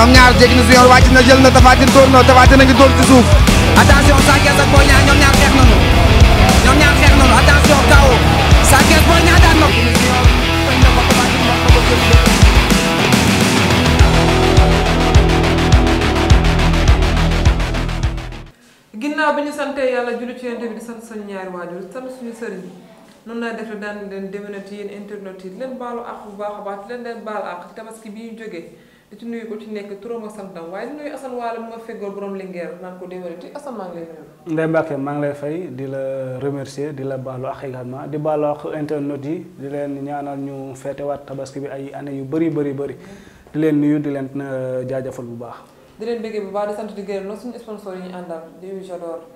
ñoom ñaar jéggi na junior wàcc na jël na tafaatin dóor na tafaatin a ngi dóor ci suuf attention Sa Thiès ak Boy ñoom ñaar xeex nañu ñoom ñaar xeex nañu attention kawo Sa Thiès Boy Niang daan na ginnaaw bi ñu sante yàlla julli ci yonent bi sant suñu ñaari waajur sant suñu sëriñ noonu laa def daan leen déwénati internet yi leen baalu àq bu baax a baax di leen leen baal àq tabaski bi ñu jógee di nuyu ko ci nekk turam ak santam waaye di nuyu Assane Wala ma feggoon borom Linguère naan ko déwénal ci Assane maa ngi lay nuyu. Ndeye Mbacke maa ngi lay fay di la remercier di la baalu ak également di baloo ak internet yi di leen ñaanal ñu feetewaat tabaski bi ay année yu bëri bëri bëri di leen nuyu di leen euh, jaajëfal bu baax. di leen bëggee bu baax di sant di gërëm nag suñu sponsor yi ñu àndal di Jador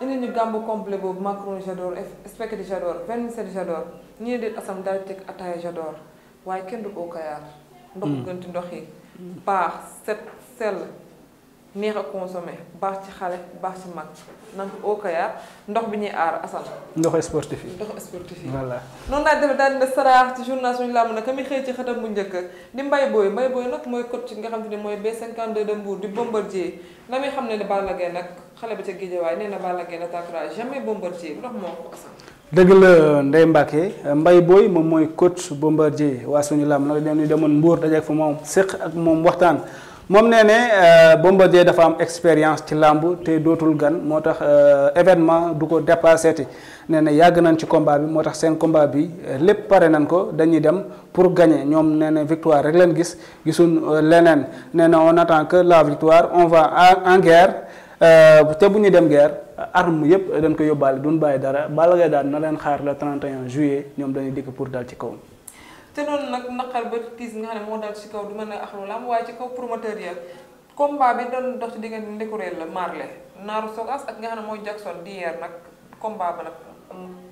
indi ñu gàmbu complet boobu macaron Jador spaghetti Jador vermicelle Jador ñu ne déet Assane waaye kenn du ko kayaar. Hmm. ndox ndox yi baax set sell neex a consommé baax ci xale baax ci mag naan ko oo kayaar ndox bi ñuy aar asal ndoxu sportif yi ndoxu sportif yi voilà noonu daal dina saraax ci journal suñu nag ka muy xëy ci xëtam bu njëkk di mbay booy mbay booy nag mooy coach nga xam te ne mooy B52 de Mbour di Bombardier la muy xam ne ne na Gaye nag xale ba ca Guédiawaye nee na Balla Gaye n'attaquera jamais Bombardier ndox moo ko asal dëgg la Ndeye Mbacke mbay Boye moom mooy coach Bombardier waa suñu làmb nag dañuy demoon Mbour dajeeg fa moom séq ak moom waxtaan moom nee ne euh, Bombardier dafa am expérience ci làmb te dootul gan moo tax euh, événement du ko dépassé ti nee na yàgg nañ ci combat bi moo tax seen combat bi euh, lépp pare nañ ko dañuy dem pour gagner ñoom nee na victoire rek leen gis gisuñ leneen nee na on attend que la victoire on en guerre. Euh, te bu ñu dem guerre arme yëpp dañ ko yóbbaale duñ bàyyi dara Balla Gaye daal na leen xaar la le 31 juillet ñoom dañuy dikk pour dal ci kawam. te noonu nag naqar ba tiis nga xam ne moo dal ci kaw du mën a axlu lam waaye ci kaw promoteur ya combat bi doon dox ci diggante Ndekuréel la Marley Naaru Sogas ak nga xam ne mooy Jackson di yeer nag combat ba nag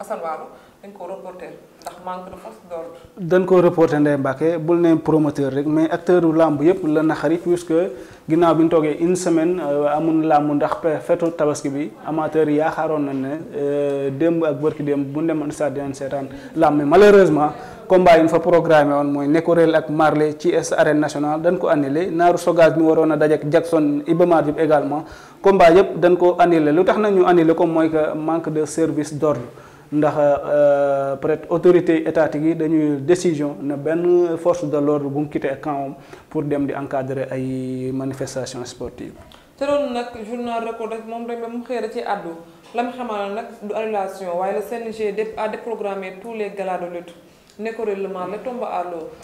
Assane Waalo dañ ko reporter ndax manque de force d'ordre. dañ bul ne promoteur rek mais acteur u làmb yëpp la naxari puisque ginaaw bi ñu toogee une semaine euh, amul làmb ndax fetu tabaski bi amateur yi yaakaaroon nañ ne euh, démb ak bërki démb bu ñu demoon stade dinañ seetaan làmb mais malheureusement. combat yi ñu fa programme woon mooy Nekorel ak Marley ci es arène nationale dañ ko annulé naaru sogage bi waroon a daje ak Jackson Ibamar yëpp également combat yëpp dañ ko annulé lu tax na ñu annulé ko mooy manque de service d'ordre ndax euh, peut-être autorité étatique yi dañuy décision na benn force de l'ordre bu mu quitté pour dem di encadrer ay manifestation sportives te nag journal record rek moom rek ba mu xëy ci àddu la mu xamal nag du annulation waaye le CNG a déprogrammé tous les galas de lutte nécorellement la tombe à l'eau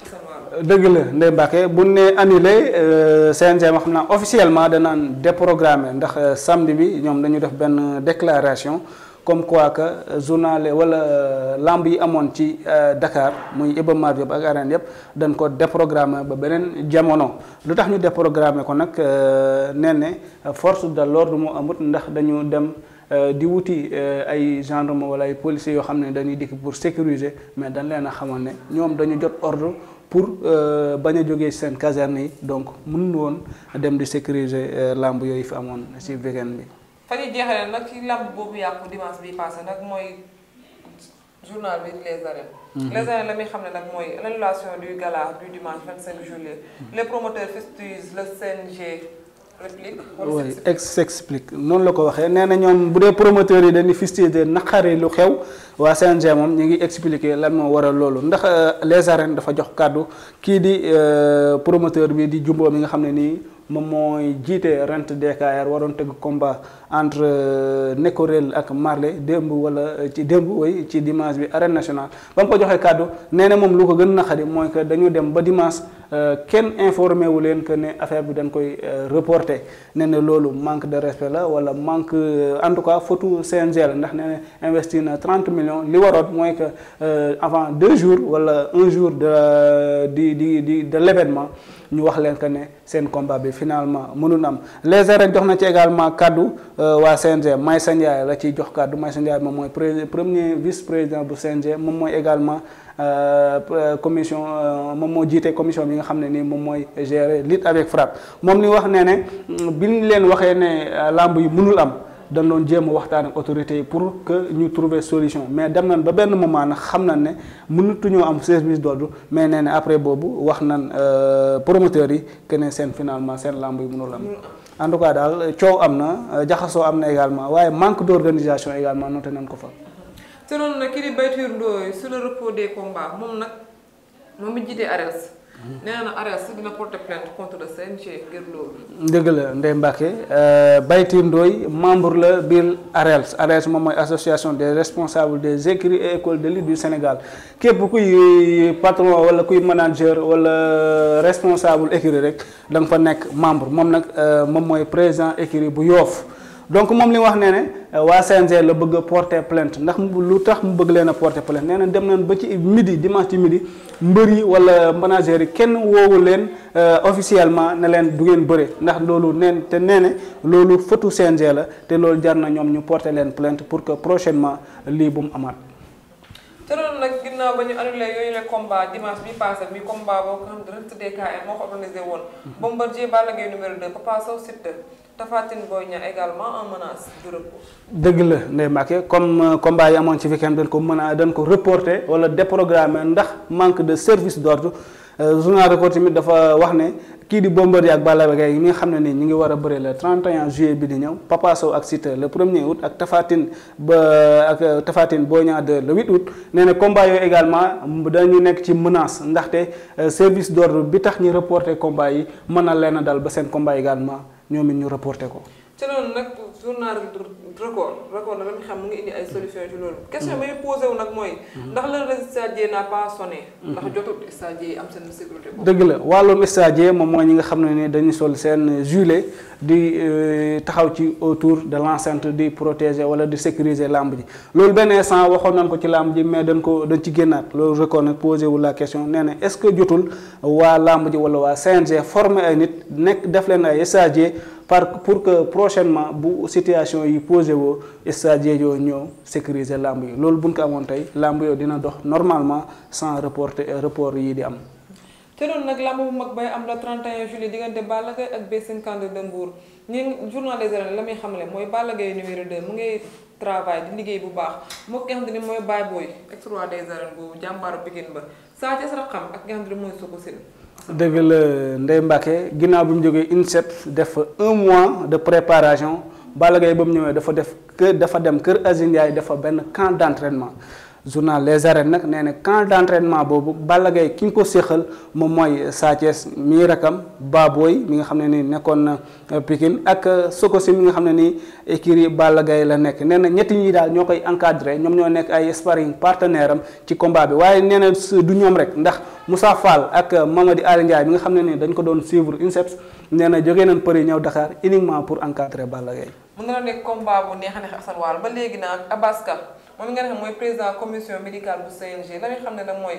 dëgg la Ndeye Mbacke bu ne annulé euh, CNG ma xam naa officiellement naan déprogrammé ndax euh, samedi bi ñoom dañu def benn déclaration comme quoi que journal wala lamb yi amoon ci euh, Dakar muy Iba Mar Diop ak arène yëpp dañ ko déprogrammé ba beneen jamono lu tax ñu déprogrammé ko nag euh, nee ne force de l'ordre moo amut ndax dañu dem euh, di wuti ay gendarme wala ay policiers yoo xam ne dañuy dikk pour sécuriser mais dañ leen a xamoon ne ñoom dañu jot ordre pour bañ a jógee seen caserne yi donc mënuñu woon dem di sécuriser lamb yooyu fi amoon si weekend bi fa ñu jeexalee nag ci làmb boobu yàqu dimanche bi passé nag mooy journal bi mhm. les arènes. la muy xam ne nag mooy l'annulation du gala du dimanche 25 juillet. les promoteurs fustigent le CNG. réplique ex explique noonu la ko waxee nee na ñoom bu dee promoteurs yi dañuy fustiger yi lu xew waa CNG moom ñu ngi expliquer lan moo waral loolu ndax euh, les arènes dafa jox kàddu kii di euh, promoteur bi di jumbo mi nga xam ne nii. moom mooy jiite rent DKR waroon tëgg combat entre euh, Nekorel ak Marley démb wala euh, ci démb way ci dimanche bi arène nationale ba mu ko joxee kàddu nee na moom lu ko gën na naqari mooy que dañu dem ba dimanche euh, kenn informé wu leen que ne affaire bi dañ koy reporter nee na loolu manque de respect la wala manque en tout cas photo CNG la ndax nee na investi na 30 million li waroon mooy que avant deux jours wala un jour de di di di de l'événement ñu wax leen que ne seen combat bi finalement mënul am les arènes jox na ci également kaddu euh, waa CNG Maysa Ndiaye la ciy jox kaddu Maysa Ndiaye moom mooy premier vice président bu CNG moom mooy également euh, euh, commission moom moo jiite commission bi nga xam ne nii moom mooy gérer lutte avec frappe moom li wax nee ne mm, bi leen waxee ne làmb yi mënul am. dañ doon jéem a waxtaan ak autorités yi pour que ñu trouver solution mais dem nañ ba benn moment nag xam nañ ne mënatuñoo am service d'ordre mais nee après boobu wax nañ euh, promoteurs yi que ne seen finalement seen lamb yi mënul am en tout cas daal coow am na jaxasoo am na également waaye manque d'organisation également noté nañ ko fa. te noonu nag kii di Baytour Ndoye nee na AREELS dina porter plainte contre le CNG ngir la Ndeye Mbacke euh, Bayti Ndoye membre la biir AREELS AREELS moom mooy association des responsable des écuries et écoles de lutte du Sénégal képp kuy patron wala kuy manager wala responsable écurie rek da nga fa nekk membre moom nag euh, moom mooy président écurie bu Yoff. donc moom li wax nee ne euh, waa CNG la bëgg a porter plainte ndax lu tax mu bëgg leen a porter plainte nee na dem nañ ba ci midi dimanche ci midi mbër yi wala manager yi kenn woowu leen euh, officiellement ne leen bu ngeen bëre ndax loolu neen te nee ne loolu fëtu CNG la te loolu jar na ñoom ñu porter leen plainte pour que prochainement lii bu mu amaat. tëral nag ginnaaw ba ñu annulé yooyu le combat dimanche bi passé mi combat boo ko xam ne rëdd DKM moo ko organisé woon. Mhm. Bombardier Balla Gaye numéro 2 Papa Sow Siteu Tapha Tine Boy Niang également en menace dëgg la Ndeye Mbacke comme euh, combat yi amoon ci week-end dañ ko mën a dañ ko reporté wala déprogrammé ndax manque de service d'ordre Euh, journal record tamit dafa wax ne kii di Bombardier ak Balla Gaye mi nga xam ne ni ñu ngi war a bëre le 31 juillet bi di ñëw Papa Sow ak Siteu le premier août ak Tafatine ba ak euh, Tafatine Boy Niang 2 le 8 août nee na combat yooyu également dañu nekk ci menace ndaxte euh, service d'ordre bi tax ñu reporter combat yi mën na leen a dal ba seen combat également ñoom it ñu reporter ko. te loolu nag journal record record nag dañu xam mu ngi indi ay solution ci loolu. question bi ñu posé wu nag mooy. Mhm. ndax le stade n'a pas sonné. Mhm. ndax jotul stade yi am dëgg la wàllum stade moom mooy ñi nga xam ne ni dañu sol seen gilet di euh, taxaw ci autour de l'enceinte di protéger wala di sécuriser làmb ji loolu benn sans waxoon nañ ko ci làmb ji mais dañ ko dañ ci génnaat loolu record nag posé wu la question nee na est-ce que jotul waa làmb ji wala waa CNG forme ay nit nekk def leen ay stade. par pour que prochainement bu situation yi posé woo stade yoo ñëw sécuriser lamb yi loolu buñ ko amoon tey lamb yooyu dina dox normalement sans reporter report yi di am. te loolu nag làmb bu mag bay am la 31 juillet diggante Balla Gaye ak B52 de Mbour ñun journal des arènes la muy xamle mooy Balla Gaye numéro 2 mu ngi travail di liggéey bu baax moo ki nga xam ne mooy Baye Boy ex roi des arènes bu jàmbaaru ba Sa Thiès raxam ak ki nga xam ne mooy dëgg la Ndeye Mbacke ginnaaw bi mu jógee INSEP def un mois de préparation Balla Gaye ba mu ñëwee dafa def kër dafa dem kër Aziz Ndiaye dafa benn camp d' entraînement. journal Les Arènes nag nee na camp d' entraînement boobu Balla Gaye ki ñu ko séqal moom mooy Sa Thiès mii rakam Baboy mi nga xam ne nii nekkoon na euh, Pikine ak euh, Sokosi mi nga xam ne nii écurie Balla Gaye la nekk nee na ñetti ñi daal ñoo koy encadré ñoom ñoo nekk ay sparring partenaire am ci combat bi waaye nee du ñoom rek ndax Moussa Fall ak euh, Mamadi Ali bi mi nga xam ne ni dañ ko doon suivre INSEPS nee na jógee nañ Paris ñëw Dakar uniquement pour encadrer Balla Gaye mën na nekk combat bu neex a neex Assane ba léegi nag Abass Ka moom nga ne xam mooy président commission médicale bu CNG la nga xam ne nag mooy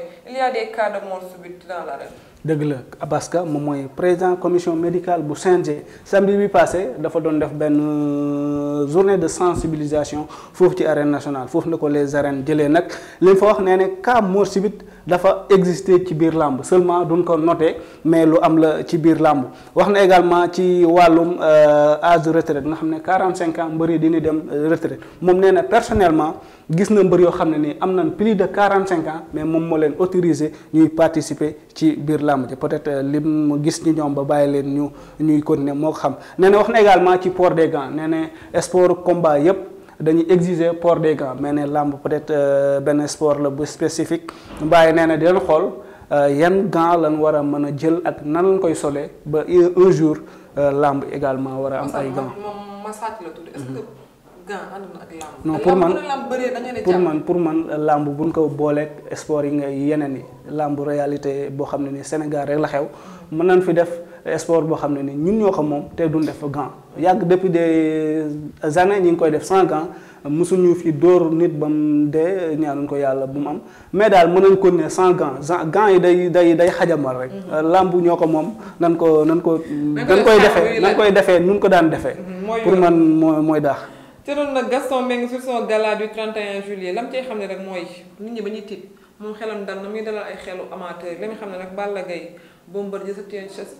la Abass Ka moom président commission médicale bu CNG samedi bi passé dafa doon def benn euh, journée de sensibilisation foofu ci arène national foofu na ko les arènes jëlee nag li mu fa wax nee ne cas mort subite dafa exister ci biir làmb seulement duñ ko noté mais lu am la ci biir làmb wax na également ci wàllum euh, âge de retraite nga xam ne 45 ans mbër yi dem euh, retraite moom nee na personnellement gis na mbër yoo xam ne ni am nañ plus de 45 ans mais moom moo leen autorisé ñuy participer ci biir làmb ji peut-être euh, li mu gis ni ñoom ba bàyyi leen ñu ñuy continuer moo xam nee na wax na également ci port des gants nee na sport combat yëpp. dañuy exiger port des gants mais ne làmb peut-être euh, benn sport la bu spécifique bàyyi nee na di xool euh, yan gants lañ war a mën a jël ak nan lañ koy solee ba un jour euh, làmb également war a am ay gants. Mm-hmm. non pour man pour man pour man làmb bu ñu ko booleeg sport yi nga yeneen yi làmb réalité boo xam ne ni Sénégal rek la xew mm-hmm. mën nañ fi def. sport boo xam ne ni ñun ñoo ko moom te duñ def gant yàgg depuis des années ñi ngi koy def sans gant mosuñu fi dóor nit ba de dee ñaanuñ ko yàlla bu mu am mais daal mën nañ ko ne sans gant gant yi day day day xajamal rek. làmb ñoo ko moom nan ko nan ko. nan koy defee nan koy defee nun ko daan defee. Mhm, pour man mooy mooy daax. te doon nag Gaston Mbengue sur son gala du 31 juillet lam cay xam ne rek mooy nit ñi ba ñuy tiit moom xelam dal na muy dalal ay xelu amateur li nga xam ne nag Balla Bombardier se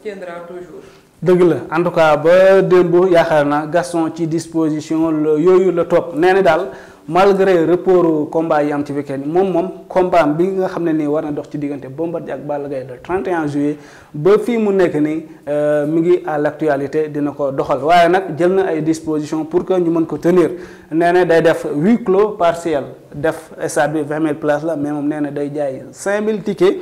tiendra toujours. dëgg la en tout cas ba démb yaakaar naa Gaston ci disposition la yooyu la topp nee na daal malgré report combat yi am ci weekend moom moom combat bi nga xam ne nii war na dox ci diggante Bombardier ak Balla Gaye le 31 juillet ba fii mu nekk nii euh, mi ngi à l'actualité dina ko doxal waaye nag jël na ay disposition pour que ñu mën ko tenir nee na day def huis clos partiel def stade bi 20 la mais moom nee na day jaay 5000 tickets.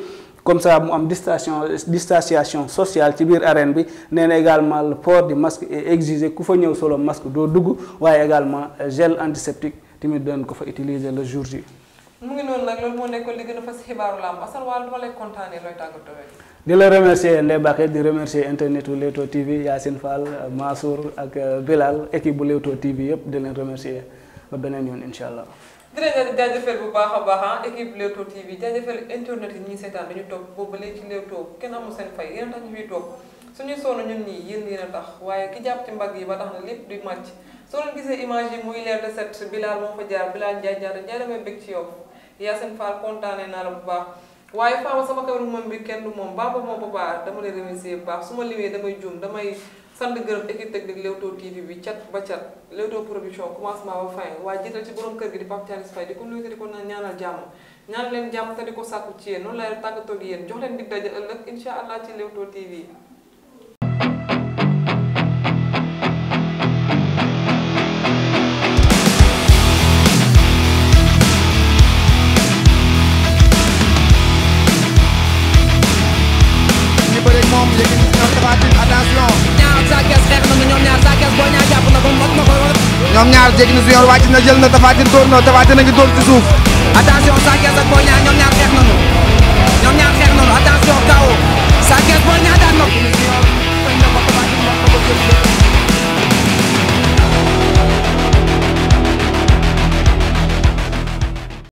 comme ça mu am distanciation distanciation sociale ci biir arène bi nee na également le port du masque exigé ku fa ñëw solo masque doo dugg waaye également gel antiseptique tamit doon ko fa utiliser le jour J. mu ngi noonu nag loolu moo nekkoon li gën a fas xibaaru làmb Assane Waal dama lay kontaanee looy tàggatoo di la remercier Ndeye Bakké di remercier internet wu Leewtoo TV Yacine Fall Mansour ak euh, Bilal équipe bu Leewtoo TV yëpp di leen remercier allah. di leen jaajëfal bu baax a baax équipe Leewtoo TV jaajëfal internet yi ñuy seetaan dañu toog boobu ba léegi ci Leewtoo kenn amul seen fay yéen a tax ñu fiy toog suñuy sonn ñun nii yéen yéen a tax waaye ki jàpp ci mbagg yi ba tax na lépp di màcc soo leen gisee image yi muy leer de set Bilal moo fa jaar Bilal Ndiaye jaar Ndiaye damay bëgg ci yow Yacine Fall kontaanee naa la bu baax waaye Fama sama kaw moom bi kenn du moom Baba moo ba baax dama lay remercier baax su ma limee damay juum damay sant gërëm équipe technique Leewtoo TV bi cat ba cat Leewtoo production commencement ba fin waaye jiital ci borom kër gi di Pape Thialis Faye di ko nuyu te di ko ñaanal jàmm ñaan leen jàmm te di ko sàkku ci yéen noonu laay tàggatoo ak yéen jox leen dig daje ëllëg incha allah ci Leewtoo TV ñoom ñaar jéggi na su yor wàcc na jël na tafaatin dóor na tafaatin na ngi ci suuf attention Sa Thiès ak Boy ñoom ñaar xeex nañu ñoom ñaar xeex nañu attention kaw Sa Thiès Boy Niang daan na